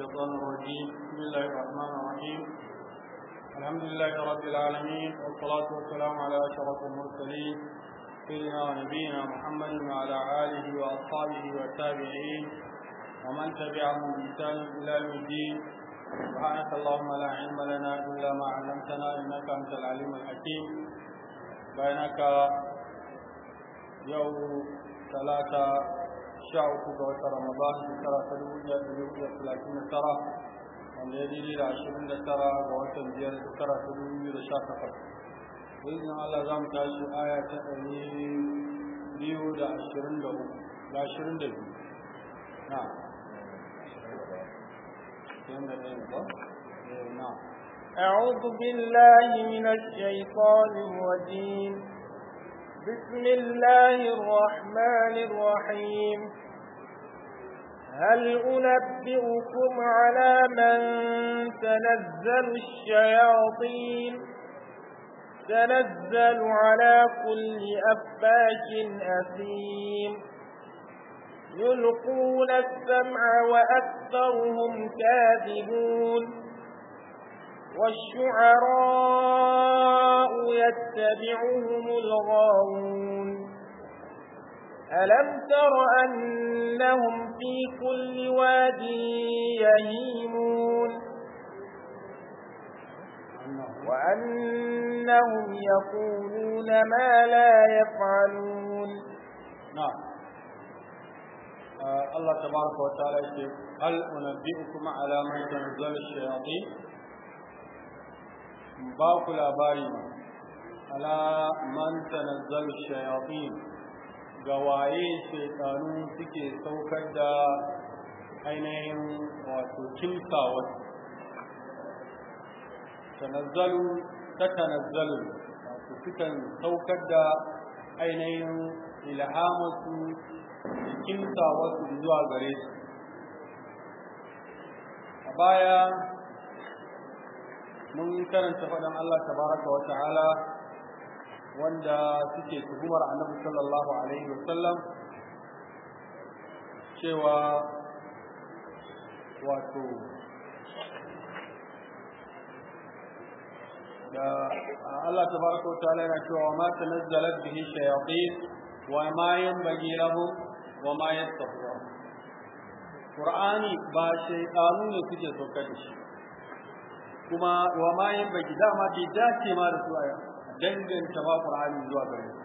الشيطان الرجيم بسم الله الرحمن الرحيم الحمد لله رب العالمين والصلاة والسلام على أشرف المرسلين سيدنا ونبينا محمد وعلى آله وأصحابه والتابعين ومن تبعهم بإحسان إلى يوم الدين سبحانك اللهم لا علم لنا إلا ما علمتنا إنك أنت العليم الحكيم بينك يوم ثلاثة sha uku ga wata ramadan shekara ta dubu da da da tara wanda ya da ashirin da tara ga watan biyar shekara ta dubu biyu da sha takwas allah za mu tashi aya ta ɗari biyu da ashirin da da na أعوذ بالله من الشيطان الرجيم بسم الله الرحمن الرحيم هل أنبئكم على من تنزل الشياطين تنزل على كل أفاك أثيم يلقون السمع وأكثرهم كاذبون والشعراء يتبعهم الغاوون ألم تر أنهم في كل واد يهيمون وأنهم يقولون ما لا يفعلون نعم آه، الله تبارك وتعالى يقول هل أنبئكم على من تنزل الشياطين ba ku labari ala man tanazzal shayatin ga waye shaytanu suke saukar da ainihin wato kimsawa tanazzalu ta tanazzalu wato sukan saukar da ainihin ilhamansu da kimsawa zuwa gare su a baya mun karanta faɗin Allah tabaraka wa ta'ala wanda suke tuhumar annabi sallallahu alaihi wa sallam cewa wato da Allah tabaraka wa ta'ala yana cewa wa ma tanazzalat bihi shayatin wa ma yanbaghi lahum wa ma yastahwa Qur'ani ba shaytanu ne suke sokar da shi kuma wa ma yin baki dama bai dace ma da su aya danganta ba qur'ani zuwa gare su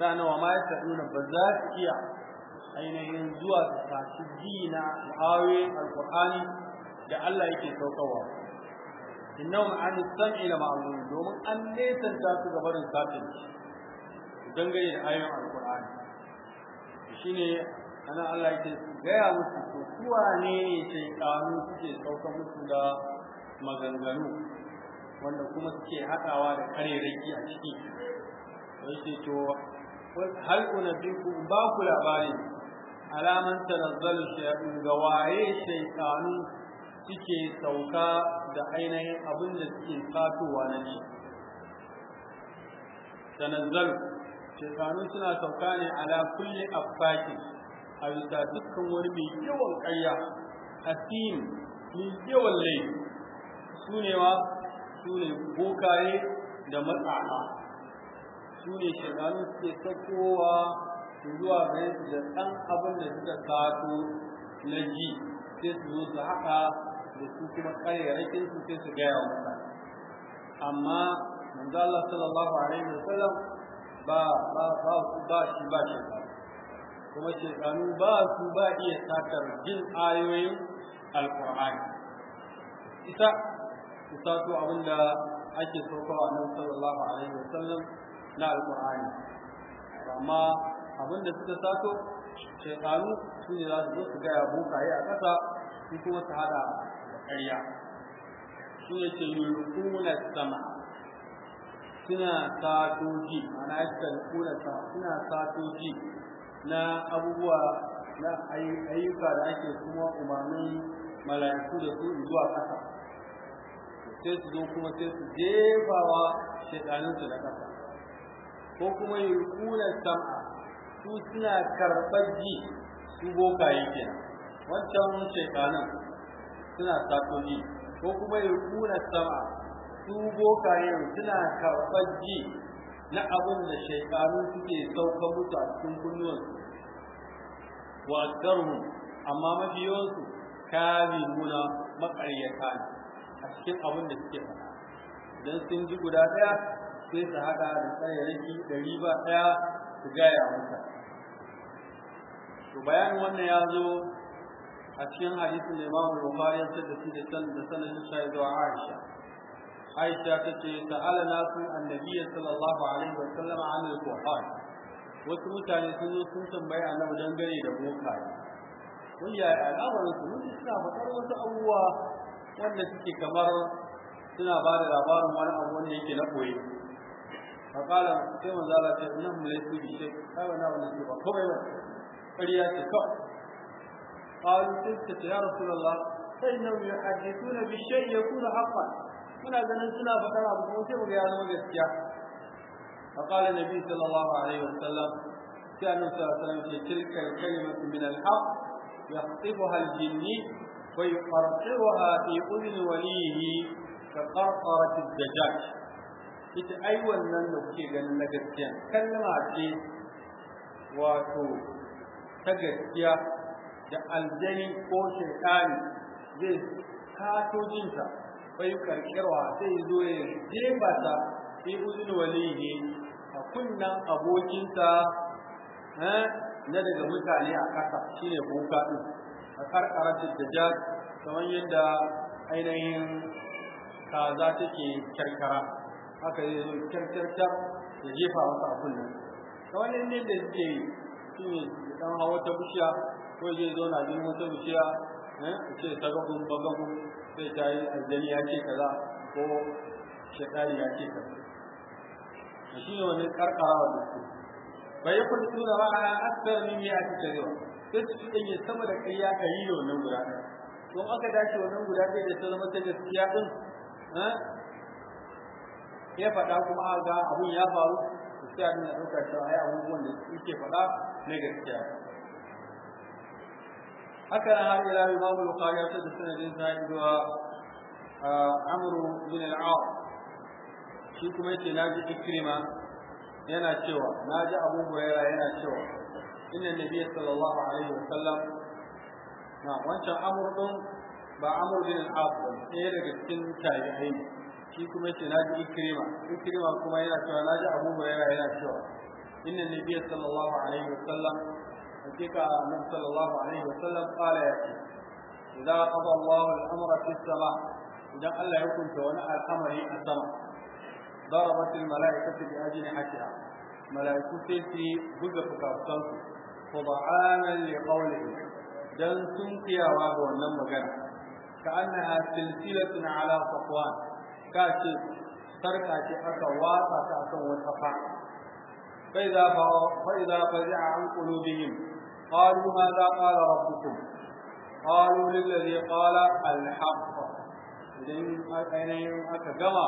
sana wa ma yastaduna ba za su iya ainihin zuwa su saci dina alqur'ani da Allah yake Inna innahum an sam'i la ma'lum domin an nesanta su ga barin satin dangane da ayoyin alqur'ani shine ana Allah yake gaya musu to kuwa ne sai kanu suke sauka musu da maganganu wanda kuma suke haɗawa da kareraki a ciki ce to hal ku ba ku labari alaman tanazzal shay'un ga waye shaytanu suke sauka da ainihin abin da suke fatowa na ne tanazzal shaytanu suna sauka ne ala kulli affaki a bisa dukkan wani mai yawan ƙarya asim mai yawan laifi su ne su ne bokaye da matsaha su ne shekaru suke su zuwa gare su da ɗan abin da suka kato na ji sai su zo su haɗa da su kuma ƙaryarakin su sai su gaya wa mutane amma manzo Allah sallallahu alaihi sallam ba ba ba ba shi ba shi kuma shekaru ba su ba iya takar jin ayoyin alqur'ani isa su sato abin da ake saukawa nan sallallahu alaihi wasallam na alƙur'ani amma abin da suka sato shaitanu su ne za su zo su gaya bokaye a ƙasa su kuma su haɗa da ƙarya su ne ce yulkuna sama suna sato ji ana aikata yulkuna sama suna sato ji na abubuwa na ayyuka da ake kuma umarnin mala'iku da su zuwa ƙasa sai su zo kuma sai su jefawa shaidaninsu na ƙasa ko kuma yi kunan sam'a su suna karɓar ji su bokaye kenan wancan shaidanin suna sato ji ko kuma yi kunan sam'a su bokaye suna karɓar ji na abin da su suke sauka mutu a cikin kunnuwansu wa amma mafi yawansu kazi muna maƙaryata ne a cikin abin da suke faɗa idan sun ji guda ɗaya sai su haɗa da tsayayyaki ɗari ba ɗaya su gaya masa to bayanin wannan ya zo a cikin hadisin da Imam rumba ya da su da sanadin sa zuwa Aisha Aisha ta ta'ala nasu annabi sallallahu alaihi wa sallam an al-Qur'an wasu mutane sun zo sun tambayi annabi dangane da bokaye kun ya al'amarin su mun suna faɗar wasu abubuwa wanda suke kamar suna ba da labarin wani abu wanda yake na koyi faƙala sai manzo Allah ce inna mu laysu bi shay kai wannan wanda ba komai ba ƙarya ce kawai qalu tilka ya rasulullah fa innahum yuhaddithuna bi shay yakunu haqqan muna ganin suna faɗar abu ko sai mu ga ya zama gaskiya فقال النبي صلى الله عليه وسلم كان صلى الله عليه وسلم تلك الكلمة من الحق يخطبها الجني ويقرقرها في أذن وليه كقرقرة الدجاج ita ai wannan da kuke ganin na gaskiya kalma ce wato ta gaskiya da aljani ko shaytani zai kato jinta bai karkirwa sai zo ya jefa ta fi uzun walihi a kunnan abokinta na daga mutane a ƙasa shine boka a karkarar dajjal kamar yadda ainihin kaza take karkara haka yi karkarta da jefa masa a kullum kamar yadda da suke yi shi ne dan hawa ta bishiya ko zai zo na jin wata bishiya eh, ce sagagun bagagun sai ta yi aljani ya ce kaza ko shekari ya ce kaza shi ne wani karkara wanda su bai yi kudu suna ra'a akthar min ya'ati kaza sai su ci danye sama da ƙarya ka yi da wannan guda ɗaya aka dace wannan guda ɗaya da ta zama ta gaskiya ɗin eh, ya faɗa kuma a ga abun ya faru Gaskiya sai na nuna ɗauka cewa ai abubuwan da suke faɗa na gaskiya haka nan har ila babu bukhari ya da sanadin sa zuwa amru bin al-aw shi kuma yace naji ikrima yana cewa naji abu hurairah yana cewa إن النبي صلى الله عليه وسلم نعم وانشا أمر دون با أمر بن العاصر إيه رجل سن تايحين كيكم يتنا دي إكريما إكريما كما يلا شوانا جا أبو مريرا يلا شوان إن النبي صلى الله عليه وسلم وكيكا من صلى الله عليه وسلم قال يا إذا قضى الله الأمر في السماء إذا قال لكم تونع الأمر في السماء ضربت الملائكة بأجنحتها ملائكة تلتي بجفك أبطلتك سبحان لقوله دن سنتيا واغ wannan magana كانها سلسله على صفوان كاتي سرقه شي اكا واسا تا كان وصفا فاذا فاذا فزع عن قلوبهم قالوا ماذا قال ربكم قالوا للذي قال الحق اين اكا جما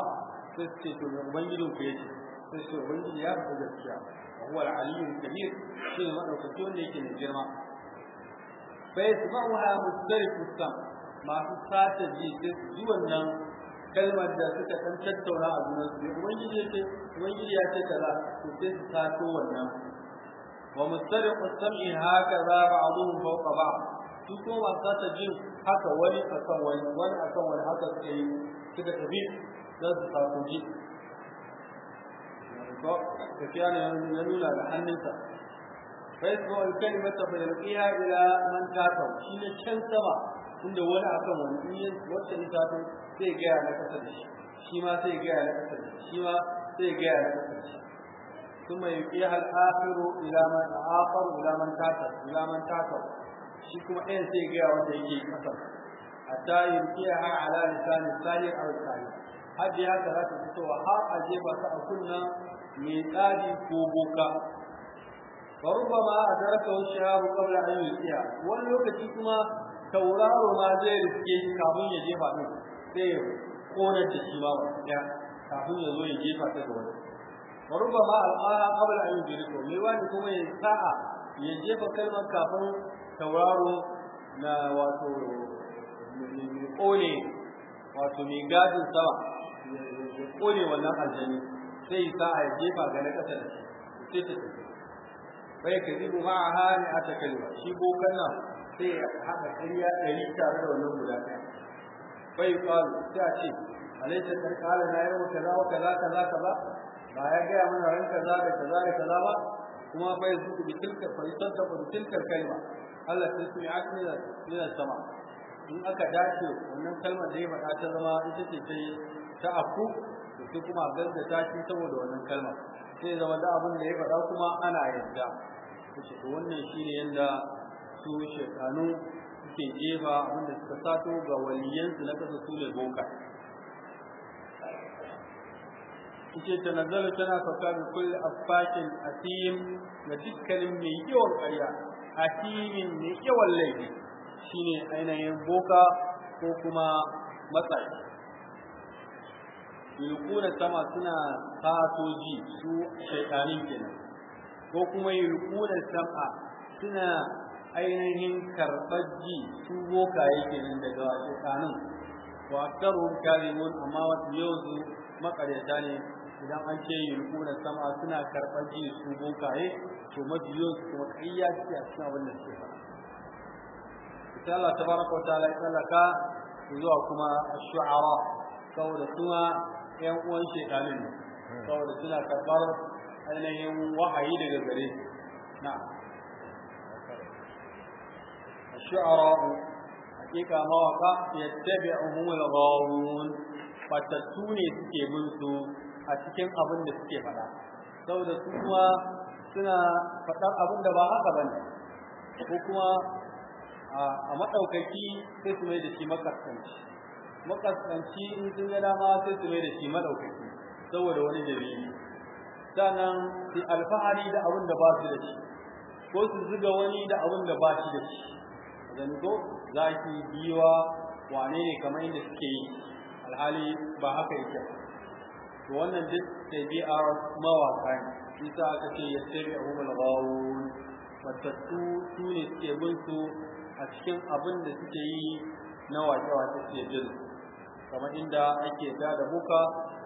سكتوا من بنجلو بيتي سكتوا بنجلو يا بجد huwa al-aliyyul kabir shi ne madaukaki wanda yake mai girma fa yasma'uha mustarifu sam masu sata ji ji wannan kalmar da suka san tattauna a gurin su ubangiji yake ubangiji ya ce kaza to sai su sato wannan wa mustarifu sam'i hakaza ba'dhum fawqa ba'd su ko ba sata ji haka wani akan wani wani akan wani haka yi tafi su سفيان ينون على حنسا فيسمع الكلمة فيلقيها إلى من تاتوا شين كان سبا عند ولا أكم وإن وشين تاتوا سيجا على كسرش شما سيجا على كسرش شما سيجا على كسرش ثم يلقيها الآخر إلى من آخر إلى من تاتوا إلى من تاتوا شكما إن سيجا وسيجي كسر حتى يلقيها على لسان الثاني أو الثالث hajji ya ta za ta fitowa har a jefa ta a kunna mai tsari ko boka فربما أدركه الشهاب قبل أن يلقيها wani lokaci kuma tauraro ma zai riske kafin ya jefa din sai konar da shi ma ya kafin ya zo ya jefa ta ga wani وربما ألقاها قبل أن يدركه mai wani kuma ya sa'a ya jefa kalmar kafin tauraro na wato wato mai gadin sama ya kone wannan aljani sai sa a jefa ga na kasa da shi sai ta bai ka zibu ma a hali a ta kalma shi ko nan sai ya haɗa ƙarya ɗari tare da wannan guda ɗaya bai falo, sai a ce ta karkala na yau kaza wa kaza kaza kaza ba ya gaya mana ran kaza da kaza da kaza ba kuma bai zuku bi tilka faitan ta bi tilka kalma Allah sai su yi akni da sama in aka dace wannan kalmar da ya faɗa ta zama ita ce ta afu sai kuma a ta ci saboda wannan kalma. sai zama da abin da ya faɗa kuma ana yadda kace to wannan shine yanda su shekanu suke jefa abin suka sato ga waliyansu na kasa su ne boka ta nazala tana fakar kulli afakin atim da dukkanin mai yawan ƙarya atimin mai yawan laifi shine ainihin boka ko kuma matsayi yulkuna sama suna tatoji su shaytanin kenan ko kuma yulkuna sama suna ainihin karɓar ji su bokaye kenan daga a wa aktaruhum kadhibun amma wasu su makaryata ne idan an ce yulkuna sama suna karɓar ji su bokaye to mabiyo su kuma ƙarya ce a cikin abin da suke faɗa sai Allah tabaraka wa ta'ala ya tsallaka zuwa kuma ash-shu'ara saboda kuma yan uwan ne saboda suna karbar ainihin wahayi daga gare ya na'am الشعراء حقيقة مواقع يتبعهم fatattu ne suke bin su a cikin abin da suke faɗa saboda su kuma suna fadar abin da ba haka ba ne ko kuma a maɗaukaki sai su mai da shi makasanci makaskanci in sun ga dama sai su mai da shi madaukaki saboda wani jami'i sannan su alfahari da abin da ba su da shi ko su zuga wani da abin da ba shi da shi zan za zaki biwa wane ne kamar yadda suke yi alhali ba haka yake to wannan duk a mawaka ne isa aka ce hukumar ghawun matattu su ne suke bin su a cikin abin da suke yi na wake-wake suke jin kamar inda ake da da buka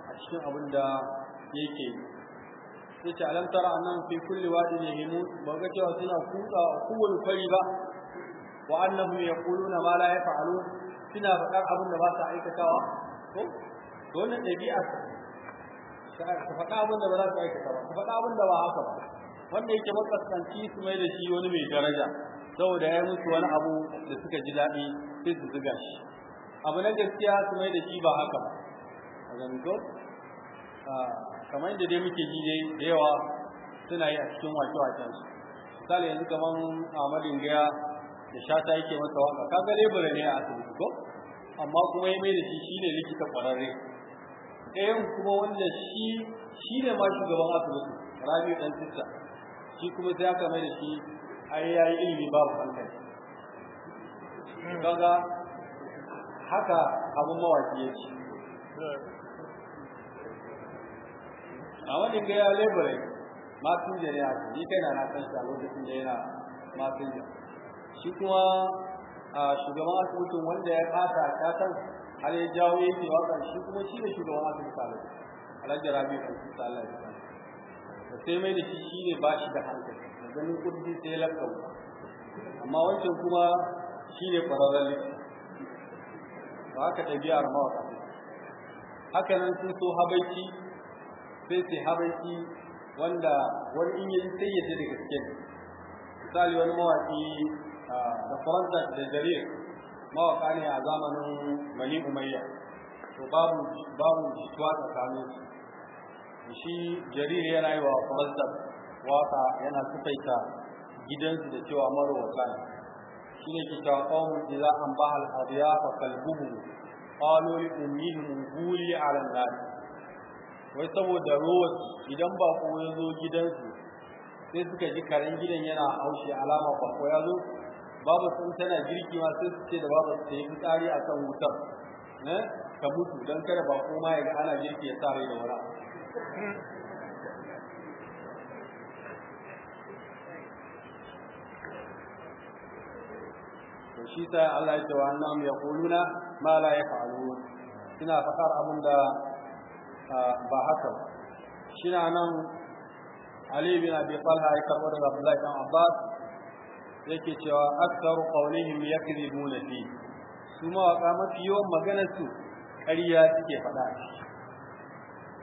a cikin abin da yake sai ce alam tara annan fi kulli wadin yahimun ba ga cewa suna kuka a kowane fari ba wa annahum yaquluna ma la yafalu suna faɗar abin da ba su aikatawa ko wannan ɗabi'a ta faɗa abin da ba za su aikata ba ta faɗa abin da ba haka ba wanda yake makaskanci su mai da shi wani mai daraja saboda ya musu wani abu da suka ji daɗi sai su zuga shi abu na gaskiya su mai da shi ba haka ba a zanto kamar yadda dai muke ji dai da yawa suna yi a cikin wace wacen su misali yanzu kamar Ahmadin Gaya da shata yake masa waka kaga lebura ne a asibiti ko amma kuma ya mai da shi shine likita kwararre ɗayan kuma wanda shi shi ne ma shugaban asibiti Rabi'u dan sista shi kuma sai aka mai da shi ai yayi ilimi babu hankali kaga haka abun mawaki ya ce a wani gaya ya labarai masu jere a ce ni kaina na san shi a lokacin da yana masu jere shi kuma a shugaban asibitin wanda ya kata kasan har ya jawo ya ce wakan shi kuma shi ne shugaban asibitin a alhaji rabi ko kusa Allah da san sai mai da shi shi ne ba shi da hankali ganin kudi sai lakawa amma wancan kuma shi ne kwararren likita ba haka ɗabi'ar mawaka haka nan sun so habaiki sai sai habaiki wanda wani in yi sai ya da gaske misali wani mawaki da faransa da jarir mawaka ne a zamanin mali umayya to babu babu jituwa tsakanin su shi jarir yana yi wa faransa waka yana sufaita gidansu da cewa marowaka ne shine ke cewa qawmun idza anbaha al-hadiya fa kalbuhum qalu li ummihim guli ala an wai saboda rowar idan ba ko ya zo gidansu sai suka ji karen gidan yana haushi alama ba ko ya zo babu sun tana girki ma sai ce da babu ta yi fitsari a kan wutar ka eh, mutu don kada ba koma ya ga ana girki ya sa rai da to shi ta Allah ya ce wa annam yaquluna ma la yaf'alun suna faɗar abin da ba haka shi na nan Ali bin Abi Talha ya karɓo daga Abdullahi bin Abbas yake cewa aktaru qawlihim yakzibuna fi su mawaƙa mafi yawan maganar su ƙarya suke faɗa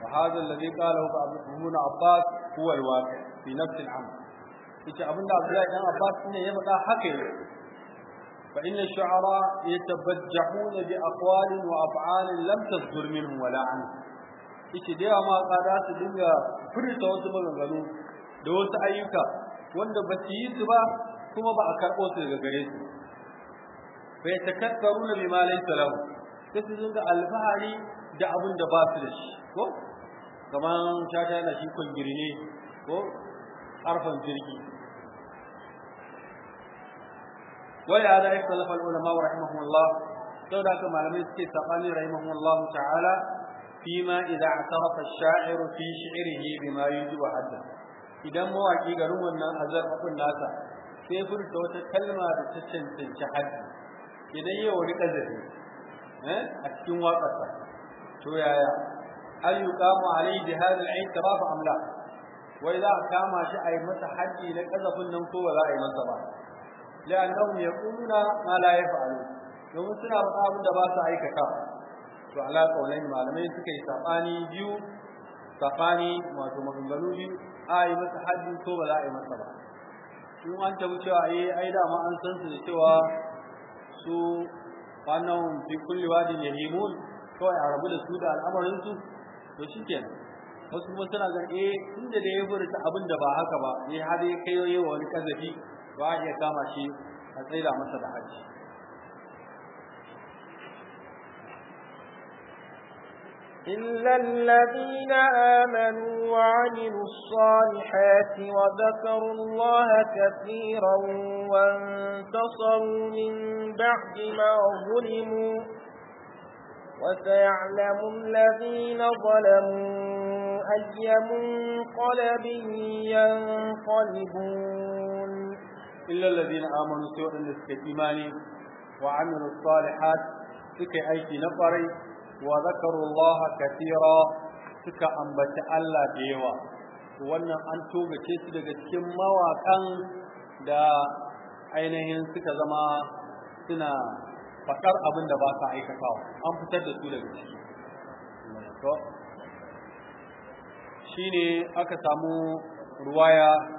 wa hadha alladhi qala Abu Ibn Abbas huwa al fi nafs al yace abinda Abdullahi bin Abbas ne ya faɗa haka yake فإن الشعراء يتبجحون بأقوال وأفعال لم تصدر منهم ولا عنهم ike da yawa ma za su dinga furta wasu maganganu da wasu ayyuka wanda ba su yi su ba kuma ba a karɓo su daga gare su bai takassaru na bima laysa lahu sai su dinga alfahari da abin da ba su da shi ko kamar shata na shi kwangiri ne ko arfan jirgi ولهذا اختلف العلماء رحمهم الله سودا كما لم يسكي رحمه الله تعالى فيما إذا اعترف الشاعر في شعره بما يجد وحده إذا مو أكي قروا أن أزر أكو الناس سيفر توتا كلمة تتشن تنشحد إذا يولك أزر أكتم وقتا شو يا يا هل يقام عليه جهاز العين تراف أم لا وإذا قام شعي متحدي لك أزر النمطو ولا أي منطبع la'annahum yaquluna ma la yaf'alun domin suna faɗa abin da ba su aikata to ala qaulain malamai suka yi sabani biyu sabani wato maganganu biyu a yi masa haddi ko ba za a yi masa ba in an tabu cewa eh ai da ma an san su da cewa su wannan fi kulli wadin yahimun kawai a rabu da su da al'amarin su to shikenan wasu kuma suna ga eh tunda da ya furta abin da ba haka ba ne har ya kai wa wani kazafi ba a iya kama shi a tsaida إلا الذين آمنوا وعملوا الصالحات وذكروا الله كثيرا وانتصروا من بعد ما ظلموا وسيعلم الذين ظلموا أي منقلب ينقلبون illa allazina amanu sai waɗanda suka imani wa amilu salihat suka aiki na ƙwarai wa zakarullaha katira suka ambaci Allah da yawa wannan an togace su daga cikin mawaƙan da ainihin suka zama suna faɗar abin da ba sa aikatawa an fitar da su daga ciki shine aka samu ruwaya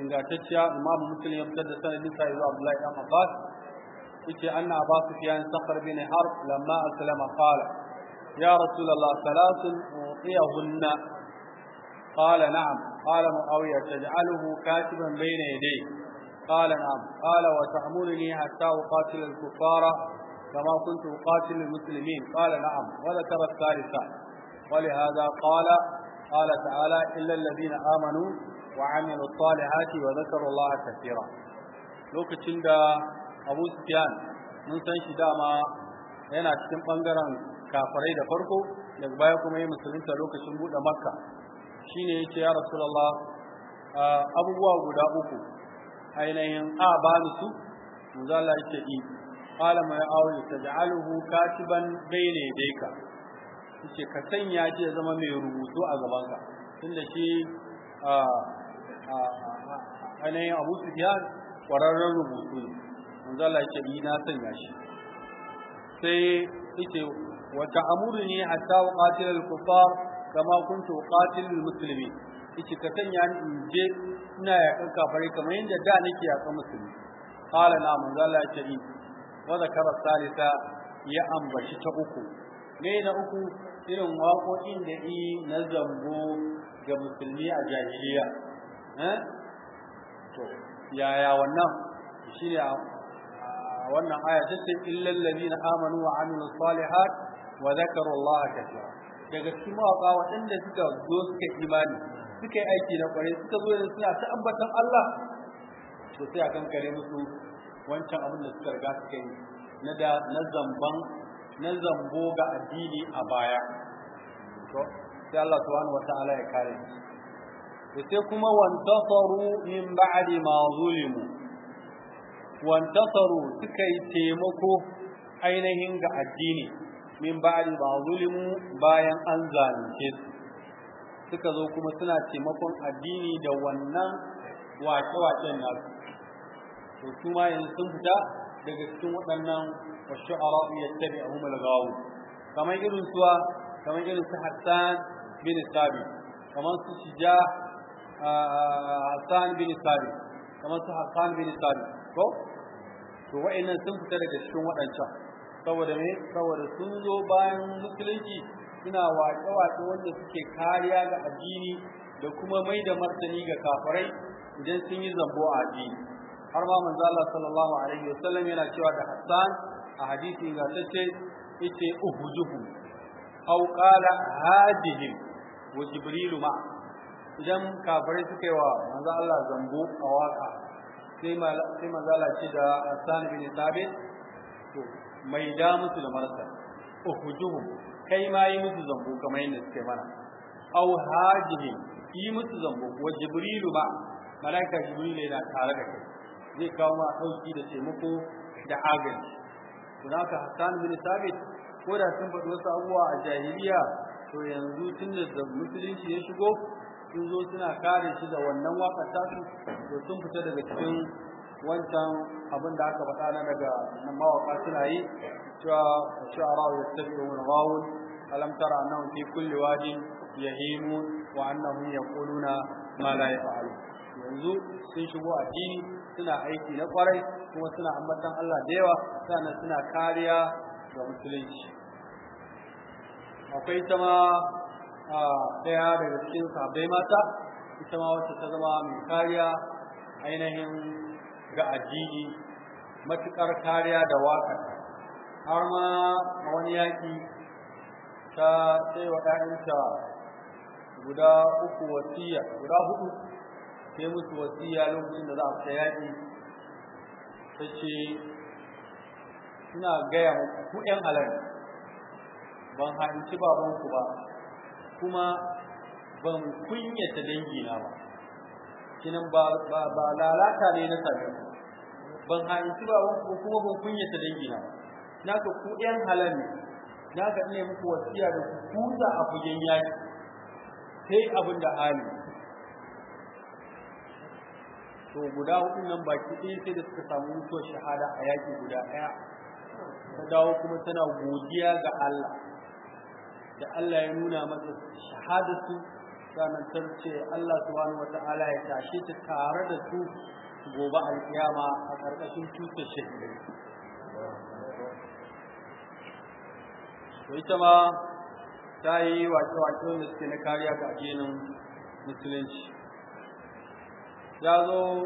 ingantacciya imam muslim ya fitar da sanadin sa zuwa abdullahi dan abbas yace anna abbas sufyan sakhar bin harb lamma aslama qala ya rasulullah salasun utiyahunna qala na'am qala muawiya taj'aluhu katiban bayna yadayhi qala na'am qala wa ta'muruni hatta uqatil al-kuffara كما كنت أقاتل المسلمين قال نعم وذكر الثالثة ولهذا قال قال تعالى إلا الذين آمنوا وعملوا wa وذكروا الله كثيرا lokacin da Abu Sufyan mun san shi dama yana cikin bangaren kafirai da farko daga baya kuma ya musulunta lokacin bude Makka shine yake ya Rasulullah abubuwa guda uku ainihin a ba ni su manzo Allah yace i qala ma ya'awli taj'aluhu katiban bayna yadayka yace ka sanya shi ya zama mai rubutu a gabanka tunda shi ainihin abu su biya ƙwararren rubutu ne manzala ce yi na sanya shi sai ita wata amuru ne a hatta wa ƙatilar kufar kama kuntu ƙatilar musulmi ita ka sanya ni in je ina yaƙan kafare kamar yadda da nake yaƙan musulmi ƙala na manzala ce yi wa zakara salisa ya ambaci ta uku Me na uku irin waƙoƙin da yi na zambo ga musulmi a jahiliya Eh? yaya wannan shine wannan aya tace illal ladina amanu wa amilus salihat wa zakaru Allah daga cikin mawaka waɗanda suka zo suka imani suka yi aiki na kwarai suka zo yanzu suna ta ambatan Allah to sai a kankare musu wancan abin da suka riga suka yi na da na zamban na zambo ga addini a baya to sai Allah subhanahu wataala ya kare sai kuma wantasaru min ba'di ma zulimu wantasaru suka yi taimako ainihin ga addini min ba'di ma zulimu bayan an zalunce su suka zo kuma suna taimakon addini da wannan wake-waken na. to su ma yanzu sun fita daga cikin waɗannan tabi a al-ghawu kamar irin suwa kamar irin su Hassan bin Sabi kamar su Shija Hassan bin Sari kamar su Hassan bin Sari ko to wa'annan sun fita daga cikin waɗancan saboda me saboda sun zo bayan musulunci suna waƙe-waƙe wanda suke kariya ga addini da kuma mai da martani ga kafirai idan sun yi zambo a addini har ma manzo Allah sallallahu alaihi wasallam yana cewa da Hassan a hadisi ga tace yace uhujuhu aw qala hadihim wa jibrilu ma idan kafare suke wa manzo Allah zambo a waka sai manzo Allah ce da Hassan bin Thabit to mai da musu da marasa hujuhu, kai ma yi musu zambo kamar yadda suke mana aw hajihi yi musu zambo wa jibrilu ba malaika jibrilu yana tare da kai zai kawo ma sauki da taimako da agaji don haka Hassan bin Thabit ko da sun faɗi wasu abubuwa a jahiliya to yanzu tun da musulunci ya shigo sun zo suna kare shi da wannan wakar tasu da sun fita daga cikin wancan abin da aka faɗa na daga mawaƙa suna yi cewa da tafi wani rawun alam tara annahum fi waje ya himu wa ko nuna ma la yaf'alun yanzu sun shigo addini suna aiki na kwarai kuma suna ambatan Allah da yawa sannan suna kariya ga musulunci akwai ta ma daya daga cikin sabai mata ita ma wacce ta zama mai kariya ainihin ga addini matukar kariya da waka har ma a wani yaki ta sai wa guda uku wasiya guda hudu sai musu wasiya lokacin da za a fita yaki ta ce ina gaya muku ku ƴan halal ban haɗinci babanku ba kuma ban kunyata dangina ba kinan ba ba lalata ne na sami ban haifi ba kuma ban kunyata dangina ba na ga ku ɗan halal ne na ga ina muku wasiya da ku kusa a fugen yaki sai abin da hali to guda hudu nan baki ɗaya sai da suka samu mutuwar shahada a yaki guda ɗaya ta dawo kuma tana godiya ga Allah da Allah ya nuna masa shahadatu sanan tarce ce Allah subhanahu wata'ala ya tashi ta tare da su gobe alkiyama a ƙarƙashin tutar shahidai to ita ma ta yi wace-wace wanda suke na kariya ga addinin musulunci ya zo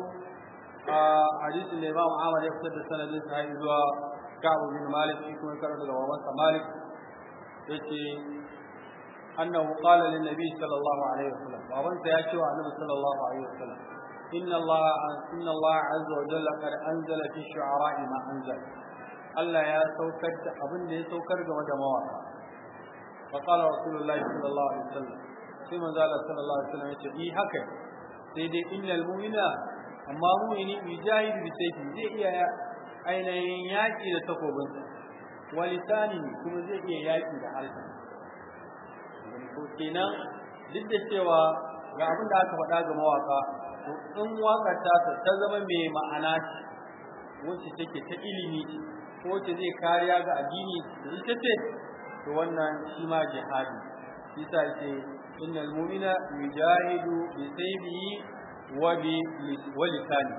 a hadisin da Imam Ahmad ya fitar da sanadin sa zuwa Ka'ab bin Malik shi kuma karanta daga Malik yace annahu qala lin nabi sallallahu alaihi wasallam baban sa ya ce wa annabi sallallahu alaihi wasallam inna allah inna allah azza wa jalla qad anzala fi shu'ara'i ma Allah ya saukar da abin da ya saukar game da mawaka fa qala rasulullahi sallallahu alaihi wasallam sai manzo Allah sallallahu alaihi wasallam ya ce yi haka sai dai innal mu'mina amma mu'mini yujahid bi sayfi zai iya ainihin da takobinsa kuma zai iya yaƙi da kenan duk da cewa ga abin da aka faɗa ga mawaka to in waka ta ta zama mai ma'ana ce wacce take ta ilimi ko wacce zai kariya ga addini da ita ce to wannan shi ma jihadi sa ce innal mu'mina yujahidu bi sayfihi wa bi lisani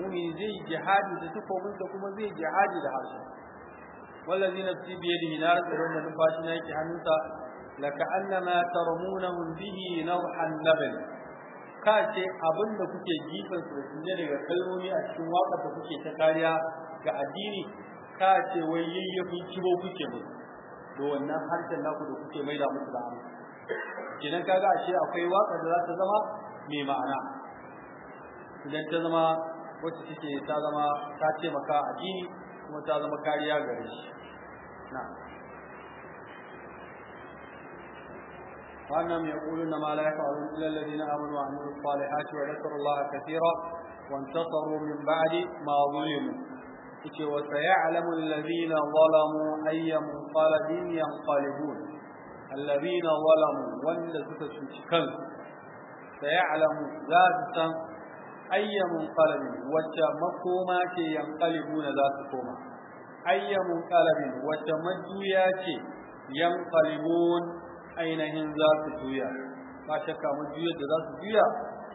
mu'min zai jihadi da takobin da kuma zai jihadi da harshe wallazina fi biyadihi nar da numfashi na yake hannunsa لكأنما ترمونه bihi nawhan laban ka ce abin da kuke jifan su ne daga kalmomi a cikin waƙar da kuke ta kariya ga addini ka ce wai yayyafin kibo kuke mu to wannan harshen naku da kuke mai da musu da Idan ka kaga ashe akwai waƙar da za ta zama mai ma'ana idan ta zama wacce take ta zama ta ce maka addini kuma ta zama kariya gare shi na'am وأنهم يقولون ما لا يفعلون إلا الذين آمنوا وعملوا الصالحات وذكروا الله كثيرا وانتصروا من بعد ما ظلموا وسيعلم الذين ظلموا أي منقلب ينقلبون الذين ظلموا والذين تشكل سيعلم ذات أي منقلب وتمكوما ينقلبون ذاتكما أي منقلب وتمديات ينقلبون ainihin za su juya ba shakka mu juya da za su juya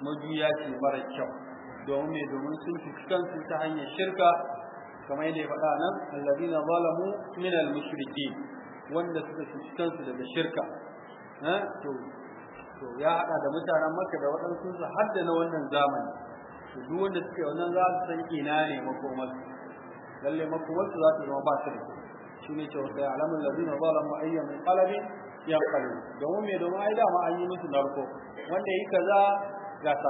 mu juya ce mara kyau domin me domin sun fi kansu ta hanyar shirka kamar yadda ya faɗa nan allazina zalamu min al-mushrikeen wanda suka fi kansu daga shirka eh, to to ya hada da mutanen Makka da waɗansu su hadda na wannan zamani to duk wanda suka yi wannan za su san ina ne makomarsu lalle su za su zama ba su da shi ne cewa sai alamun lazina zalamu ayyamin qalbin yankalu domin mai domin ai dama an yi musu narko wanda ya yi kaza ga sa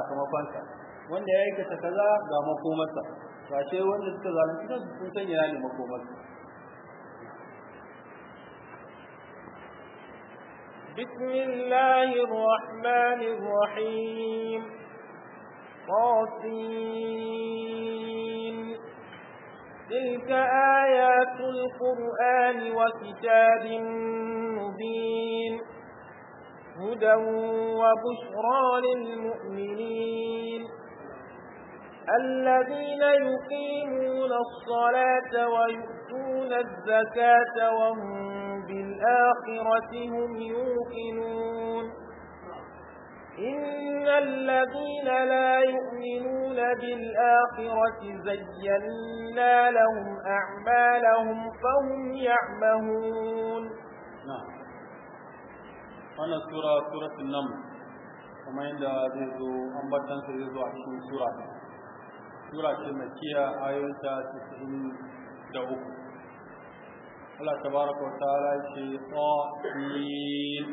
wanda ya aikata kaza ga makomarsa to ashe wanda suka zalunci da sun san yana ne makomarsa بسم الله الرحمن الرحيم قاسين تلك آيات القرآن وكتاب مبين هدى وبشرى للمؤمنين الذين يقيمون الصلاة ويؤتون الزكاة وهم بالآخرة هم يوقنون إن الذين لا يؤمنون بالآخرة زينا لهم أعمالهم فهم يعمهون wannan sura suratul nam kuma yadda zai zo an ambatansa zai zo a cikin sura sura ce makiya da uku Allah tabaraka wa ta'ala ce tsamin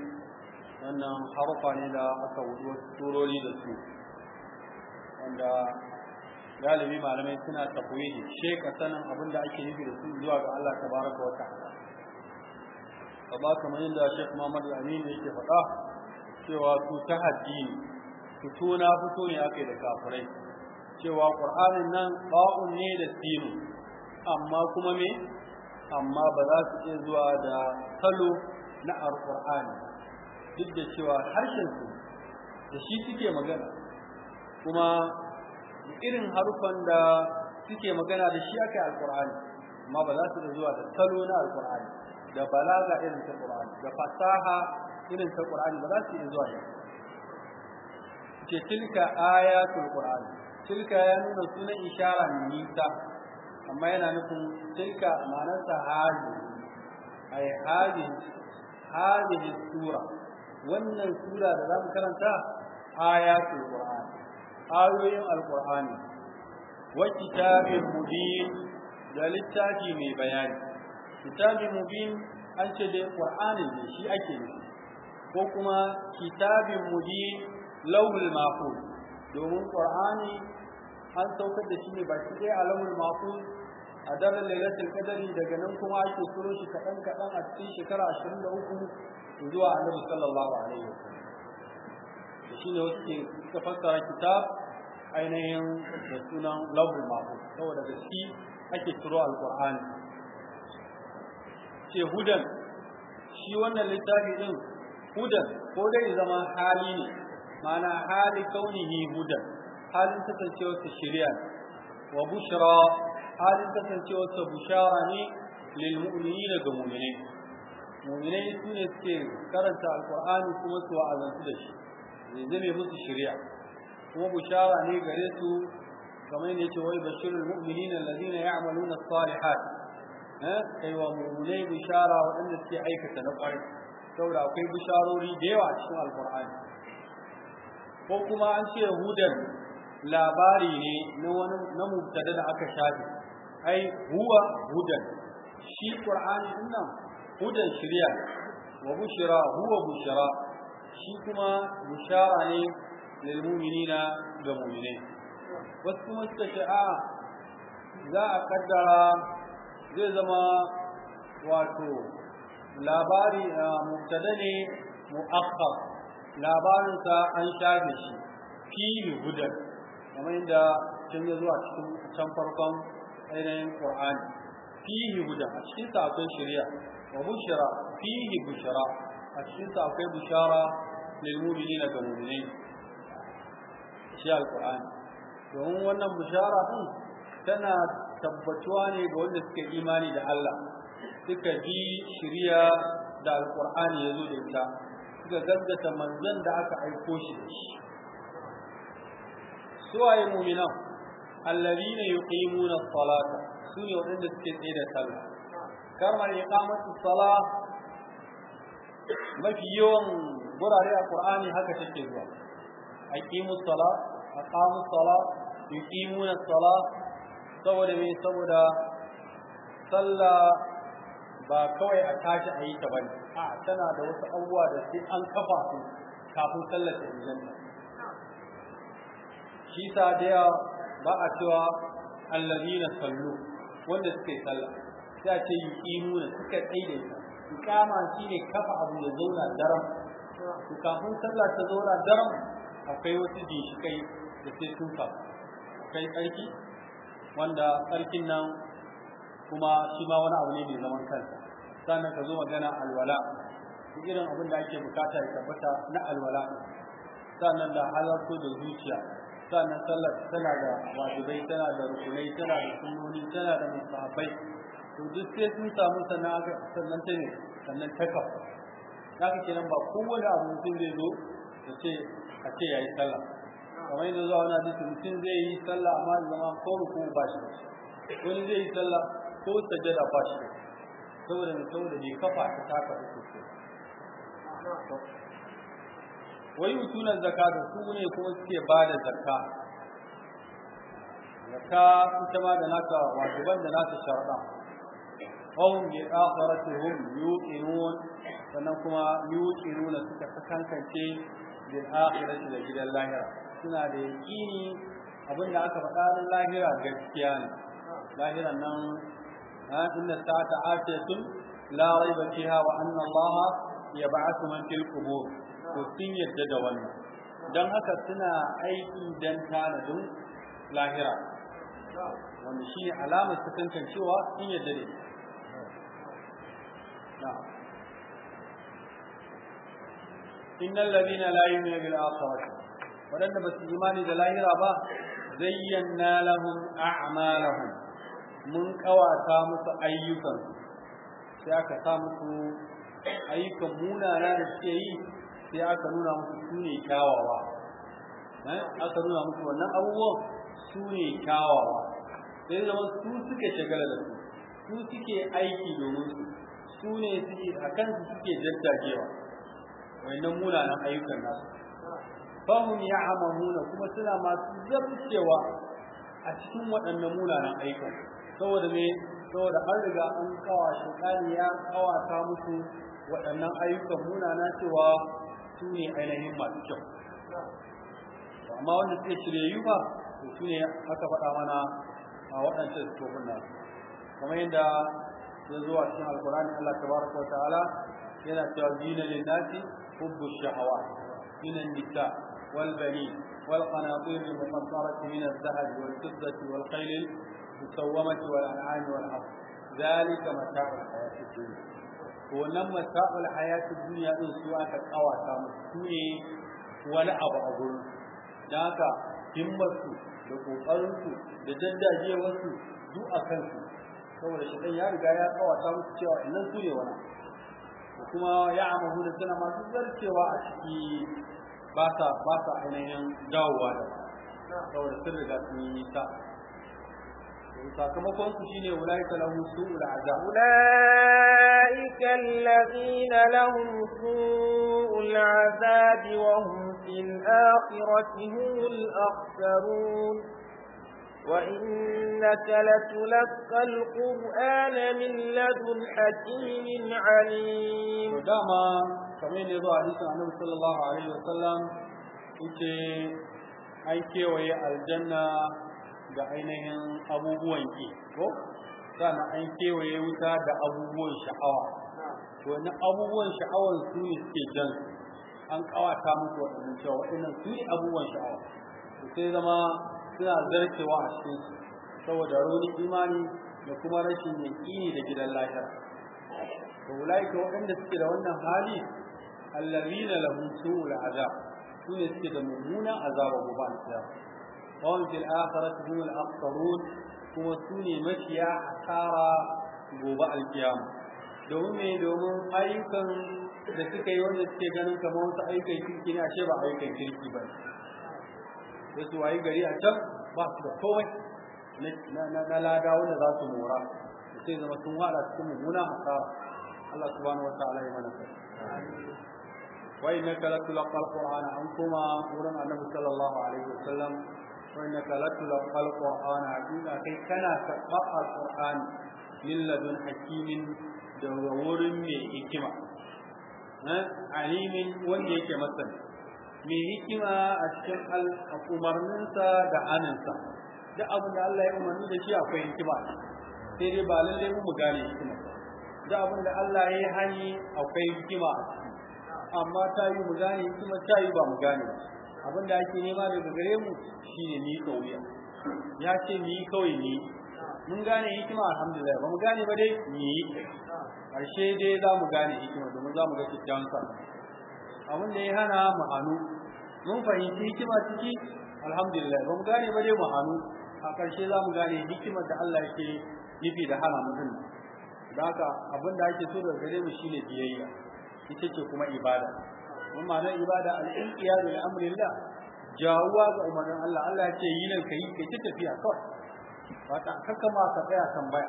wannan harfa ne da aka wuce turori da su wanda galibi malamai suna tafwidi sheka sanin abin da ake nufi da su zuwa ga Allah tabaraka wa ta'ala amma kamar yadda Sheikh Muhammad Amin yake faɗa cewa su ta haddi fito na fito ne akai da kafirai cewa Qur'anin nan ba'un ne da sinu amma kuma me amma ba za su iya zuwa da salo na Al-Qur'ani duk da cewa harshen su da shi suke magana kuma irin harufan da suke magana da shi akai Al-Qur'ani amma ba za su iya zuwa da salo na Al-Qur'ani da balaga irin ta Qur'ani da fasaha irin ta Qur'ani ba za su yi zuwa yau ce tilka ayatul Qur'ani tilka ya nuna sunan ishara nisa amma yana nufin tilka ma'anarsa hazi ay hazi hazihi sura wannan sura da zamu karanta ayatul Qur'ani ayoyin alqur'ani wa kitabin mubin da littafi mai bayani kitabi mubin an ce da qur'ani ne shi ake nufi ko kuma kitabin mubin lawul mahfuz domin qur'ani an saukar da shi ne baki ɗaya a alamul mahfuz a daren lailatul qadari daga nan kuma ake turo shi kaɗan kaɗan a cikin shekara 23 zuwa annabi sallallahu alaihi wasallam shi ne wasu suka fassara kitab ainihin da sunan lawul mahfuz saboda da shi ake turo alqur'ani ce hudan shi wannan littafi din hudan ko dai zama hali ne mana hali kaunihi hudan halin kasancewar ta shari'a wa bushra halin kasancewar ta bushara ne lil mu'minina ga mu'minai mu'minai su ne suke karanta alqur'ani kuma su wa'azantu da shi zai zame musu shari'a kuma bushara ne gare su kamar yadda yake wai bashirul mu'minina alladhina ya'maluna as-salihat Eh, kai wa mu'minai bishara waɗanda suke aikata na ƙwarai saboda akwai bisharori da yawa cikin alƙur'ani ko kuma an ce yahudan labari ne na wani na mubtada da aka shafe ai huwa hudan shi qur'ani din nan hudan shari'a wa bushra huwa bushra shi kuma bishara ne lil mu'minina ga mu'minai wasu kuma suka za a kaddara zai zama wato labari mubtada ne mu'akhkhar labarin sa an shafe shi fi hudan kamar yadda can ya zuwa cikin can farkon ainihin Qur'ani fihi hudan a cikin sa'afin akwai shari'a wa bushra fihi bushra a cikin sa akwai na lil mu'minina ga mu'minin shi al-Qur'ani domin wannan bushara din tana tabbatuwa ne ga wanda suka imani da Allah suka ji shirya da ya zo da ita suka gaggata manzon da aka aiko shi da shi suwaye mu'minan ya yuqimuna as-salata sune waɗanda suke tsaye da sallah kamar iqamatu as-salah mafi yawan gurare a Qur'ani haka take zuwa aqimus salat aqamus salat yuqimuna as-salat saboda me saboda sallah ba kawai a tashi a yi ta bane a tana da wasu abubuwa da sai an kafa su kafin sallar ta inganta shi sa da yawa ba a cewa allazina sallu wanda suka yi sallah sai a ce yuqimuna suka tsaye da shi ne kafa abu da zauna daram to kafin sallah ta zauna daram akwai wasu ginshikai da sai sun kafa kai tsarki wanda sarkin nan kuma shi ma wani abu ne mai zaman kansa sannan ka zo magana alwala duk irin abin da ake bukata ya tabbata na alwala sannan da halarto da zuciya sannan sallar tana da wajibai tana da rukunai tana da sunnoni tana da musahabai to duk sai sun samu sannan sannan ta ne sannan ta kafa haka kenan ba kowane abu mutum zai zo ya ce a ce yayi sallah kamar yadda zuwa wani hadisi mutum zai yi sallah amma zama ko ruku ba shi wani zai yi sallah ko sajada ba shi saboda mai saboda bai kafa ta taka uku ce wai mutunan zaka da su ne kuma suke ba da zaka zaka ita ma da naka wajiban da nata sharaɗa qawm bi akhiratihim yuqinun sannan kuma yuqinuna suka kankance bil akhirati da gidan lahira suna da yaƙini abin da aka faɗa na lahira gaskiya ne lahiran nan inna sa'ata atiyatun la raiba fiha wa anna Allah yab'athu man fil qubur to sun yadda da wannan dan haka suna aiki dan tanadin lahira shi shine alamar su kankan cewa sun yadda ne na'am إن الذين لا يؤمنون بالآخرة waɗanda ba su imani da lahira ba zayyana lahum a'malahum mun kawata musu ayyukan sai aka sa musu ayyukan munana da suke yi sai aka nuna musu su ne kyawawa eh, aka nuna musu wannan abubuwan su ne kyawawa sai zama su suke shagala da su su suke aiki domin su su ne suke a kansu suke jajjagewa wannan munanan ayyukan nasu fahum ya'lamuna kuma suna masu yabcewa a cikin waɗannan munanan aikin saboda me saboda an riga an kawa shekani ya kawata musu waɗannan ayyukan munana cewa su ne ainihin masu kyau amma wanda suke shirye ba to su ne aka faɗa mana a waɗancan sufofin nan kamar yadda ya zo a cikin alkurani Allah tabaraka wa ta'ala yana cewa dina lin nasi hubbu shahawa dina nita والبنين والقناطير المقصرة من الذهب والفضة والخيل المسومة والأنعام والحظ ذلك متاع الحياة الدنيا ونما متاع الحياة الدنيا إن سواء كالقوى كامسكوية ولا أبعض ذاك همته لقوقرته لجدة جيوته ذو أكنته سوى الشيطان يا رجال يا قوى كامسكوية وإن سوية ولا وكما يعمه لسنا ما تزرك وعشكي ba sa ba sa ainihin dawowa da saboda sun riga sun yi nisa sakamakon su shine ulai ulaika lahum su'ul azab ka alladhina lahum su'ul azab wa hum fil akhirati humul akhsarun وإنك لتلقى القرآن من لدن حكيم عليم kamar yadda zuwa hadisin annabi sallallahu alaihi wasallam yace an kewaye aljanna da ainihin abubuwan ki ko sannan an kewaye wuta da abubuwan sha'awa to wannan abubuwan sha'awan su ne suke jan an kawata musu waɗannan cewa waɗannan su ne abubuwan sha'awa sai zama suna zarcewa a cikin saboda rauni imani da kuma rashin yaƙini da gidan lahira to wallahi waɗanda suke da wannan hali الذين لهم سوء العذاب سنة كدمونا عذاب مبان سياب قوم في الآخرة هم الأخطرون هم سنة مشيا حسارا قوبا القيام دوم دوم أيضا لسك يوم السيجان كما هو سأي كي تلكين أشبع أي كي تلكي بل لسو أي قري أشب بس بطوه نلا داون ذات مورا سيدنا مسوها لا تكون هنا حسارا الله سبحانه وتعالى يمنى Thank you. وإنك لتلقى القرآن عنكما an koma wurin الله sallallahu alaihi وإنك لتلقى القرآن عزيزا كي كان kai kana من لدن min دور من daga wurin mai hikima من wanda yake masani منسا hikima a da abin da Allah ya umarni da shi akwai hikima sai dai ba lallai mu gane hikima Da abin Allah ya yi hani akwai hikima amma ta yi mu gane kuma ta yi ba mu gane abin da ake nema daga gare mu shine ni kauya ya ce ni kawai ni mun gane hikima alhamdulillah ba mu gane ba dai ni karshe dai za mu gane hikima domin za mu ga kyakkyawan sa abin da ya hana mu hannu mun fahimci hikima ciki alhamdulillah ba mu gane ba dai mu hannu a karshe za mu gane hikimar da Allah yake nufi da hana mutum da haka abin da ake so daga gare mu shine biyayya ita ce kuma ibada mun ma'anar ibada al-inqiyadu li amrillah jawwa ga umarnin Allah Allah ya ce yi nan kai kai ta tafiya kawai wata kaka ma ka tsaya tambaya